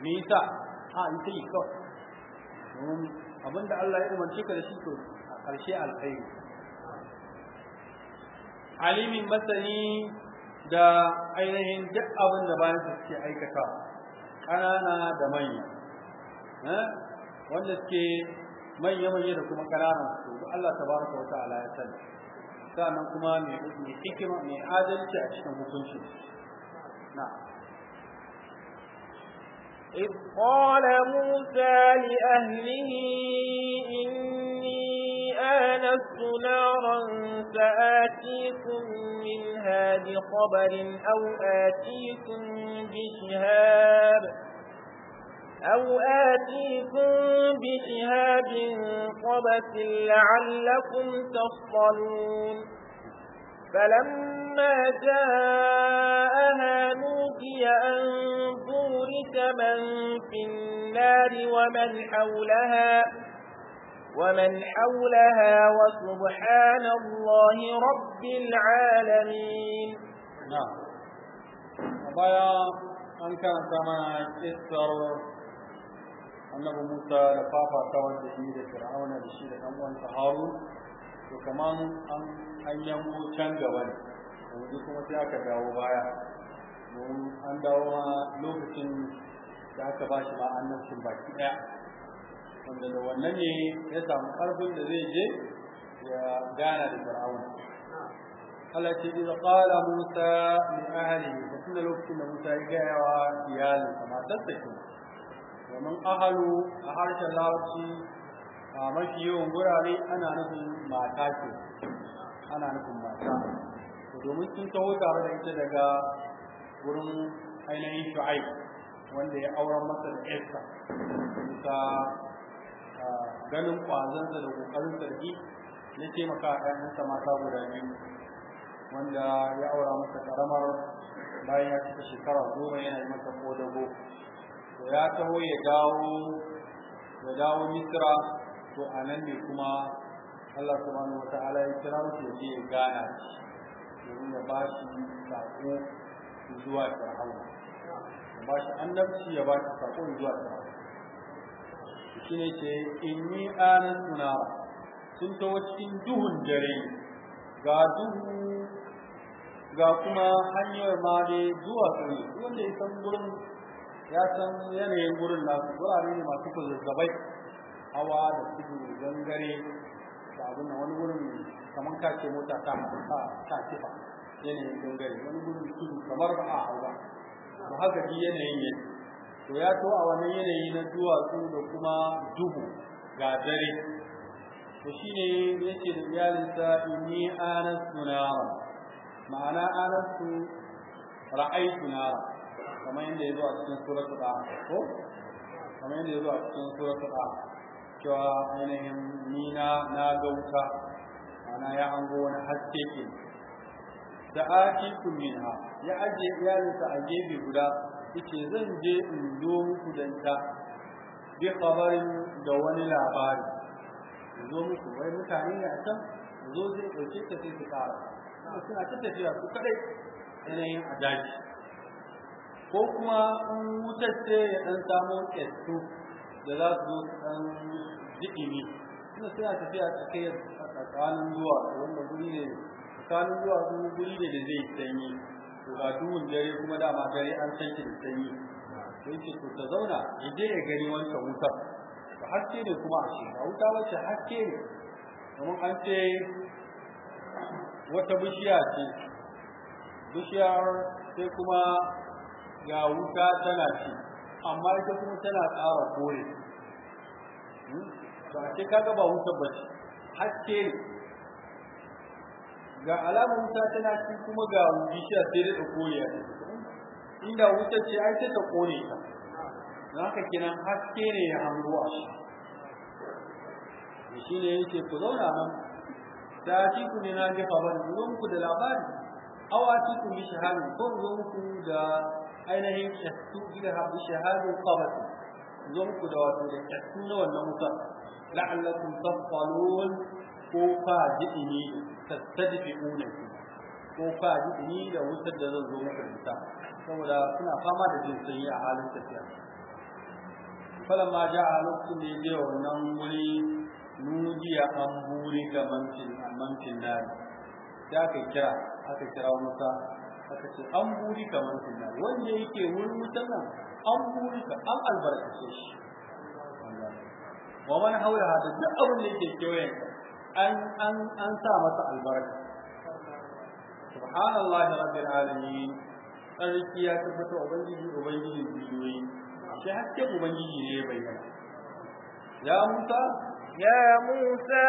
me yasa a ta yi, kawai mun abinda Allah ya umarce ka da shi to a karshe alkhairi alimin masani da ainihin duk abin da bayan su suke aikata ƙanana da manya eh, wanda suke manya manya da kuma ƙananan su Allah tabaraka wa ta'ala ya sani sannan kuma mai hikima mai adalci a cikin hukunci na'am إذ قال موسى لأهله إني آنست نارا سآتيكم منها بخبر أو آتيكم بشهاب أو آتيكم بشهاب قبس لعلكم تصطلون فلما جاءها نوكي أن بورك من في النار ومن حولها ومن حولها وسبحان الله رب العالمين نعم وبيا أنك كما تسر annabi Musa da fafata wanda shi da Fir'auna da shi da ɗan uwansa Harun to kaman an an yanko can gaba ne yanzu kuma sai aka dawo baya domin an dawo ma lokacin da aka ba shi ma annabcin baki ɗaya wanda da wannan ne ya samu ƙarfin da zai je ya gana da Fir'auna Allah ce idza qala Musa li ahlihi fa kullu lokacin da Musa ya ga yawa iyalinsa matarsa kenan kamar ahalu a harshen larabci a mafi yawan gurare ana nufin mata ce ana nufin mata domin sun taho tare da ita daga wurin ainihin shu'ai wanda ya auren masa da esta bisa ganin kwazansa da kokarin sarki na taimaka a ɗayansa mata guda biyu wanda ya aura masa karamar bayan ya cika shekara goma yana yi masa ko dago ya taho ya dawo ya dawo misra to a nan ne kuma Allah subhanahu wata'ala ya kira shi ya je ya gana domin ya ba shi sako zuwa fir'auna ya ba shi annabci ya ba shi sako zuwa fir'auna shi ne ce yi anan suna sun taho cikin duhun dare ga duhu ga kuma hanyar ma dai zuwa sani wanda ya san gurin ya san yanayin gurin nasu wurare ne masu kuzurzabai hawa da cikin gangare da abin wani gurin kamar kace mota ta ta kifa yanayin gangare wani gurin cikin kamar ba a hau ba to haka ji yanayin yanzu. to ya to a wani yanayi na duwatsu da kuma duhu ga dare to ne yake da iyalinsa inni anasu nara ma'ana anasu ra'aytu nara kamar yadda ya zo a cikin suratul a ko kamar yadda ya zo a cikin suratul a cewa ainihin ni na na ga ana ya go wani haske ke da atikum minha ya aje iyalinsa a gefe guda yace zan je in zo muku danta bi kabarin da wani labari zo muku wai mutane ne a can zo zai ɗauke ka sai su ƙara suna ta tafiya su kaɗai yanayin a daji ko kuma in wutar ce ya ɗan samun ƙestu da za su ɗan jikini suna suna tafiya tsakiyar tsakanin zuwa wanda guri ne tsakanin zuwa sun guri ne da zai sanyi to ga duhun dare kuma dama dare an san shi da sanyi to yake to ta zauna ya je ya gani wancan wutar ba haske ne kuma a shekara wuta wacce haske ne Kamar an ce wata bishiya ce bishiyar sai kuma ga wuta tana ci amma ita kuma tana ƙara kore Ba hmm? a ce kaga ba wuta ba ce haske ga alamun wuta tana ci kuma ga a sai da kore inda wuta ce ai ta kore ta haka kenan haske ne ya hango a shi shi ne ce ku zauna nan ta ci ku ne na jefa ban ku da labari awa ci ku mi hannu ko ruwanku da ainihin tattu gida habu shahadu qabatu zo muku da wato da tattu na wannan wuta la'allakum tafalun ko fa jidini tastadfi'una ko fa jidini da wutar da zan zo muku da ita saboda suna fama da jin sanyi a halin tafiya falamma ja'a lokacin da ya je wannan wuri nudiya an buri ga mantin mantin da aka kira aka kira musa aka ce an buri kamar suna wanda yake wurin wutan nan an buri ka an albarkace shi wa man haura hada duk abin da yake kewayen an an an sa masa albarka subhanallahi rabbil alamin sarki ya tabbata ubangiji ubangiji biyoyi shi hakke ubangiji ne bayyana ya musa يا موسى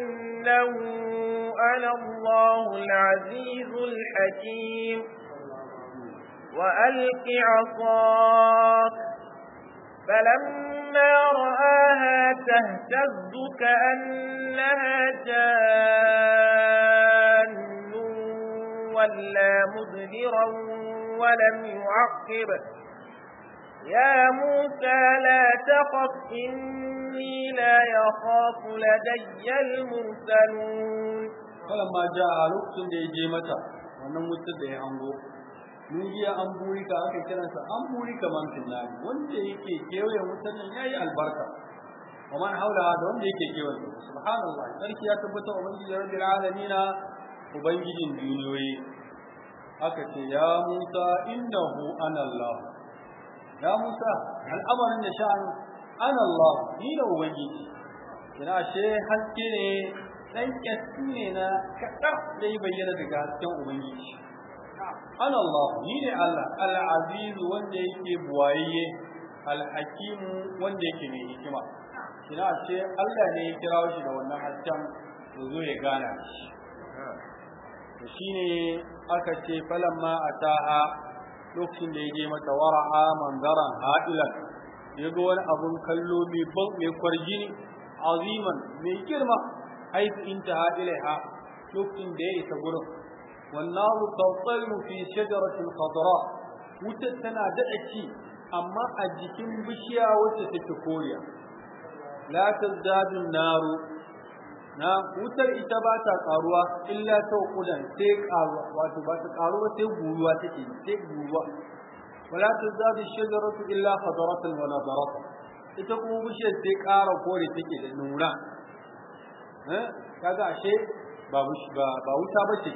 إنه أنا الله العزيز الحكيم وألق عصاك فلما رآها تهتز كأنها جان ولا مدبرا ولم يعقب يا موسى لا تخف إن الذين يخاف لدي المرسلون فلما جاء لوكتين da yaje mata wannan mutum da ya ango mun ji an buri ka aka kiran sa an buri kaman tillahi wanda yake kewaye mutanen yayi albarka kuma haula da wanda yake kewaye subhanallah sarki ya tabbata ubangiji rabbil alamin ubangijin duniyoyi aka ce ya Musa innahu anallah ya Musa da sha'ani ana Allah ni da ubangiji kina ashe haske ne dan kyasi ne na kadar da ya bayyana daga hasken ubangiji ana Allah ni ne Allah al-aziz wanda yake buwaye al-hakim wanda yake mai hikima kina ashe Allah ne ya kira shi da wannan hasken zo ya gana shi ne aka ce falamma ataha lokacin da ya je mata wara'a manzaran ha'ilan ya ga wani abun kallo mai ban mai kwarjini aziman mai girma haifu intaha ilaiha lokacin da ya isa gurin wannan tawtalu fi shajaratin khadra wutar tana daɗa ci amma a jikin bishiya wacce take koriya la tazdadu naru na wutar ita ba ta karuwa illa ta kudan sai karuwa wato ba ta karuwa sai guruwa take sai guruwa wala tazadu shajaratu illa khadaratan wala darata ita kuma bishiyar sai ƙara kore take da nura eh kaga ashe ba ba wuta bace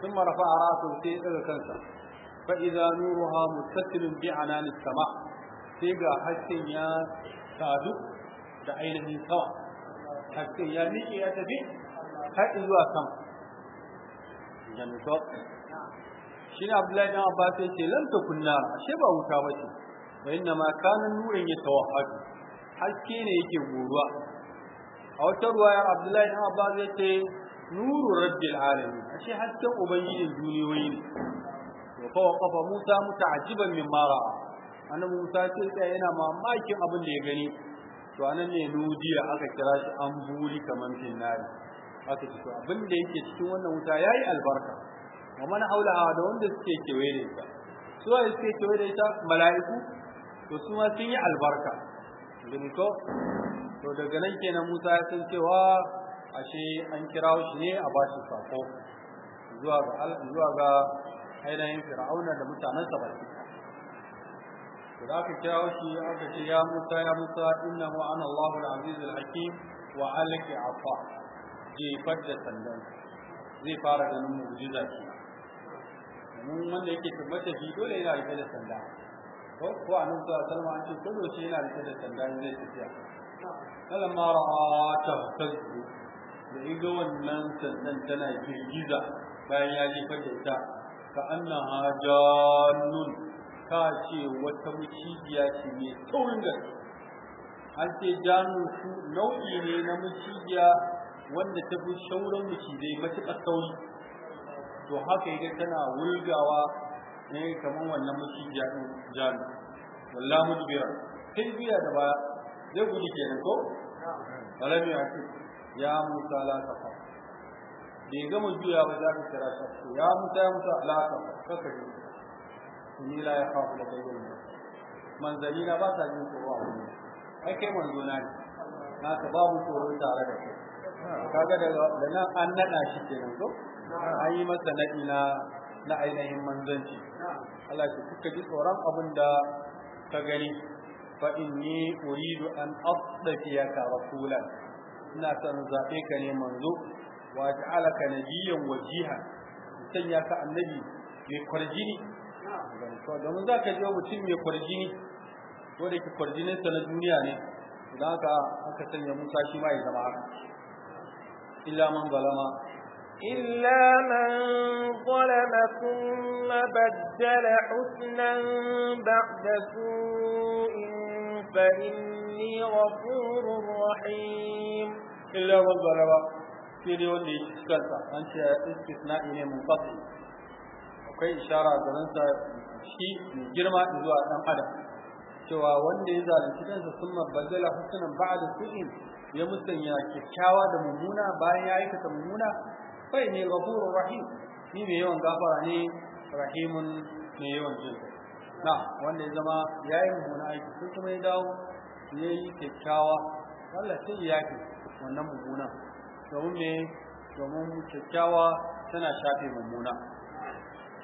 ثم رفع راسه sai daga kansa fa idza nuruha muttasilun bi anani sama sai ga hasken ya sadu da ainihin sama hasken ya miƙe ya tafi har zuwa sama jami'a shine Abdullahi dan Abbas yace lanta kunna nar ashe ba wuta bace wa inna ma kana nurin yatawahhad haske ne yake goruwa a wata ruwaya Abdullahi dan Abbas ce, nuru rabbil alamin ashe hasken ubangijin duniyoyi ne fa waqafa Musa muta'ajjiban mimma ra'a annabi Musa ce yana mamakin abin da ya gani to anan ne nudiya aka kira shi an buri kaman finnari aka ce to abin da yake cikin wannan wuta ya yi albarka wa mana aulawa da wanda suke kewaye da ita su wanda suke kewaye da ita mala'iku to su ma sun yi albarka din ko to daga nan kenan Musa ya san cewa ashe an kirawo shi ne a bashi sako zuwa ga zuwa ga ainihin fir'auna da mutanensa baki da aka kirawo shi aka ce ya Musa ya Musa innahu ana Allahu al-aziz al-hakim wa alqi afa jefar da sandan zai fara ganin mu'jiza ce mun wanda yake tabbata shi dole yana rike da sanda ko ko annabi sallallahu alaihi wasallam an ce dole shi yana rike da sanda in zai tafiya kalamma ra'a tahtaju da iga wannan sandan tana girgiza bayan ya jefar da ita ka annaha jannun ka ce wata muciya ce mai taurin gaske an ce jannun su nau'i ne na muciya wanda ta fi shauran mucizai matuƙar sauri to haka yake tana wulgawa ne eh, kamar wannan maciji ya din jalu wallahi mudbira Kai biya da ba zai gudu kenan ko alami ya ce ya musa la tafa bai gama juya ba za ka kira shi ya musa ya musa la ka ka ji ni la ya khafu la kayyum manzali na ba ta jin tsoro a wani ai kai manzo na ne na ka babu tsoro tare da kai kaga daga nan an nada shi kenan ko an yi masa naɗi na ainihin manzanci Allah ya kuka ji tsoron abin da ka gani fa inni uridu an ka rasulan ina son zaɓe ka ne manzo wa ka nabiyyan wajiha sanya ka annabi mai kwarjini domin za ka ji mutum mai kwarjini da ke kwarjininsa na duniya ne idan aka aka sanya musa shi ma ya zama haka illa man zalama إلا من ظلم ثم بدل حسنا بعد سوء فإني غفور رحيم إلا من ظلم اليوم اللي تشكلت أنت استثناء إلي منقطع وكي إشارة ظلمت شيء من جرمة إذو أدم أدم سواء wanda إذا zalunci ثم بدل حسنا بعد سوء su'in ya musanya kyakkyawa da mummuna bayan kai ne ghafurur rahim ni mai yawan gafara ne rahimun ne yawan jin na wanda ya zama ya yi mummuna aiki sun kuma ya dawo ya yi kyakkyawa Allah sai ya yake wannan mummuna domin ne domin kyakkyawa tana shafe mummuna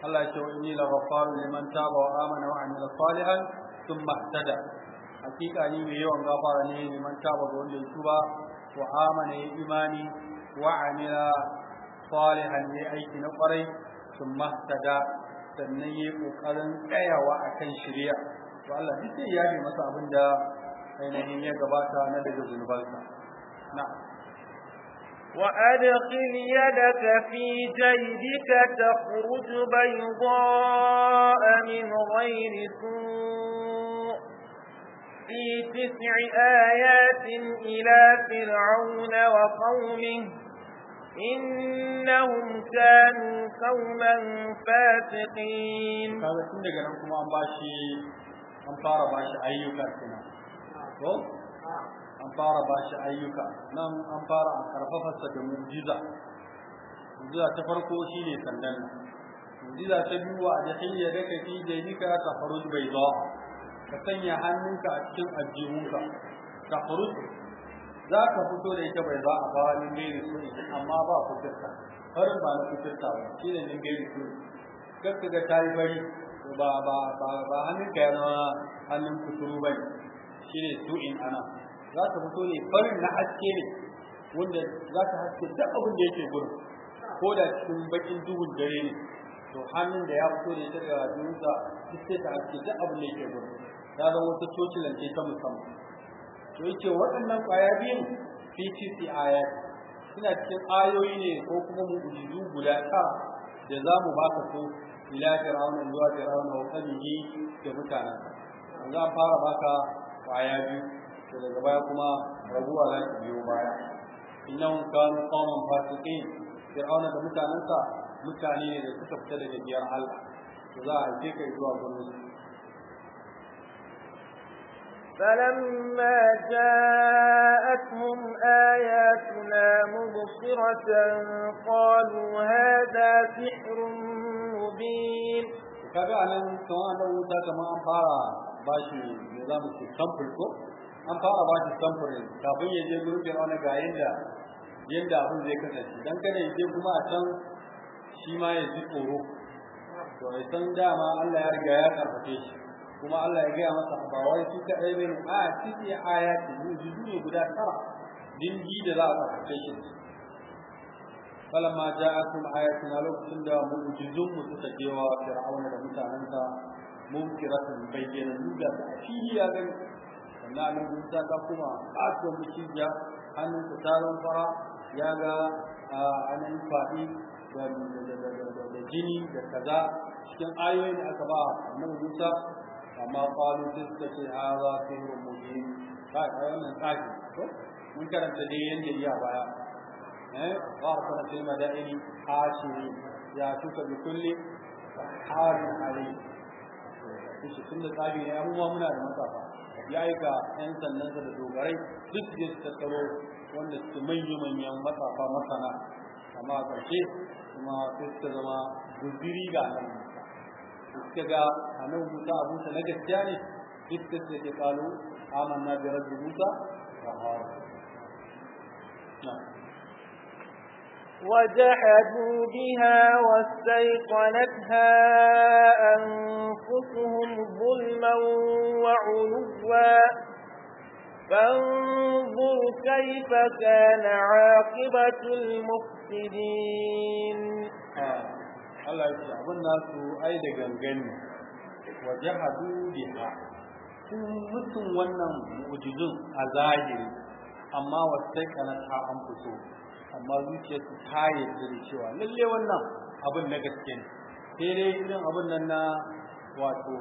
Allah ya ce wa inni la ghafarun liman taba wa amana wa amila salihan thumma ihtada hakika ni mai yawan gafara ne liman taba ga wanda ya tuba wa amana ya imani wa amila صالحا لأيك نقري ثم اهتدى سنني وقال كيا وأكن شريع وعلى الله بسي ما مسا أبن دا أين هي ميقباتا ندج ذنبالنا نعم وأدخل يدك في جيدك تخرج بيضاء من غير سوء في تسع آيات إلى فرعون وقومه إنهم كانوا قوما فاسقين هذا كنت قال لكم أن باشي أن طار باشي أيوكا سنة أن طار باشي أيوكا نعم أن طار أن طرف فسك مجزة مجزة تفرقو شيني سنن مجزة تبوى دخلية لك في جيدك تخرج بيضاء تتنيا عنك أتكم أجيوكا تخرج za ka fito da ita bai za a kawo min beri su amma ba fitirta farin ba na fitirta ba shi ne min beri su kakka ga ta yi bari ba ba ba ba hannun ka yana hannun ku turu bai shi ne su in ana za ka fito ne farin na haske ne wanda za ka haske duk abin da yake gurin ko da cikin bakin duhun dare ne to hannun da ya fito da ita ga dunsa duk sai ta haske duk abin da yake gurin ya zama wata cocin lantarki ta musamman to yake waɗannan ƙwaya biyun ptc tisi ayat suna cikin ayoyi ne ko kuma mu'jizu guda ta da za mu baka so ila fir'auna zuwa fir'auna wa qadihi da mutanen za fara baka ƙwaya biyu to daga baya kuma raguwa za ki biyo baya innahum kanu qauman fasiqin fir'auna da mutanensa mutane ne da suka fita daga biyar Allah to za a haife kai zuwa gurin فَلَمَّا جَاءَتْهُمْ آيَاتُنَا مُبْصِرَةً قَالُوا هَذَا سِحْرٌ مُبِينٌ فَجَعَلْنَا تَوَالَوْا كَمَا قَالَ بَاشِرُ نِظَامُ الْكَمْبِ أَمْ قَالَ بَاشِرُ الْكَمْبِ كَبِيَ يَجِرُ كَرَانَ غَايِنَ يَنْدَا أَبُو زَيْكَ نَشِ دَنْكَنَ يَجِ كُمَا أَتَنْ شِيمَا يَجِ قُرُو تو أَيْتَنْ دَامَا أَلَّا يَرْغَا يَكَرْفَكِشِ kuma Allah ya gaya masa ba wai su ka ɗaya bane a cikin ayati mujizu ne guda tara ji da za a tsakace shi falamma ja'akum ayatuna lokacin da mu'jizun mu suka jewa fir'auna da mutanansa mumkiratun bayyana duga da fili ya gani sannan nan Musa ka kuma ato mukiya hannun ta taron fara ya ga anan fadi da jini da kaza cikin ayoyin da aka ba annabi Musa amma ce a qalu tiskati hadha sihrun mubin kai wannan tsaki to mun karanta dai yanda a baya Ba a eh qarfa fil madaini hashimi ya tuka bi kulli harin ali shi tunda tsaki ne amma muna da matsafa ya yi aika yan sannansa da dogarai duk da su tattaro wanda su manyan manyan matsafa masana amma a ƙarshe kuma sai suka zama guziri ga nan اتجا هنو موسى موسى نجس جاني بسكت لكي قالوا آمنا برد موسى وهارو نعم. وجحدوا بها واستيقنتها أنفسهم ظلما وعنوا فانظر كيف كان عاقبة المفسدين آه. Allah ya ce abin nasu ai da gangani wa jahadu biha sun mutum wannan mu'jizun a zahiri amma wasai kana ta an fito amma zuciyarsu ta yarda da cewa lalle wannan abin na gaske ne sai dai irin abin nan na wato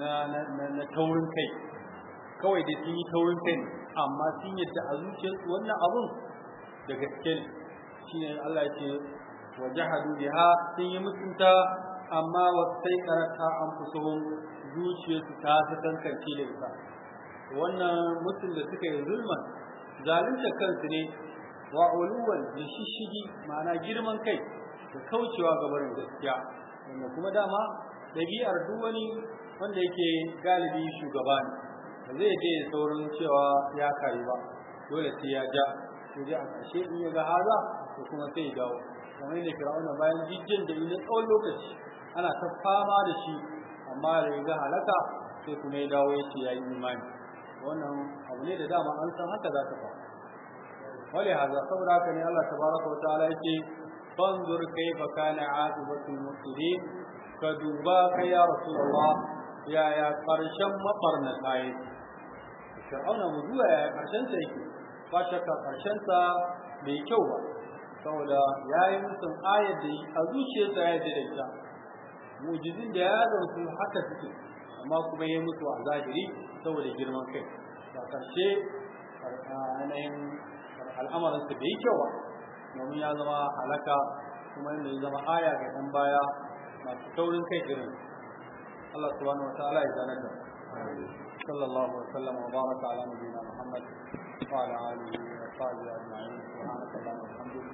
na na taurin kai kawai dai sun yi taurin kai amma sun yadda a zuciyarsu wannan abin da gaske ne shine Allah ya ce wa jahadu biha sun yi mutunta amma wasai karata an fusuhum zuciyarsu ta ta tankance da ita wannan mutum da suka yi zulman zalunta kansu ne wa uluwan da shishigi ma'ana girman kai da kaucewa ga barin gaskiya wanda kuma dama ɗabi'ar duk wani wanda yake galibi shugaba ne ba zai je saurin cewa ya kayi ba dole sai ya ja sai ji in ya ga haza ko kuma sai ya dawo kamar ne fir'auna bayan jijjin da yi na tsawon lokaci ana ta fama da shi amma da ya ga halaka sai kuma ya dawo ya ce ya yi imani wannan abu ne da dama an san haka za ta faru wale haza saboda haka ne Allah tabaraka wa ta'ala yake fanzur kaifa kana aqibatul mufsidin ka duba kai ya rasulullah ya ya karshen mabarnata yake fir'auna mu zuwa ya karshen sa yake ba shakka karshen sa bai kyau ba saboda yayi musu ayar da a zuciyarsa ya yarda da ita mu'jizin da ya zansu haka suke amma kuma yayi musu a zahiri saboda girman kai da karshe anayin al'amarin su bai kyau ba domin ya zama halaka kuma yanda ya zama aya ga ɗan baya masu taurin kai irin Allah subhanahu wataala ya zanar da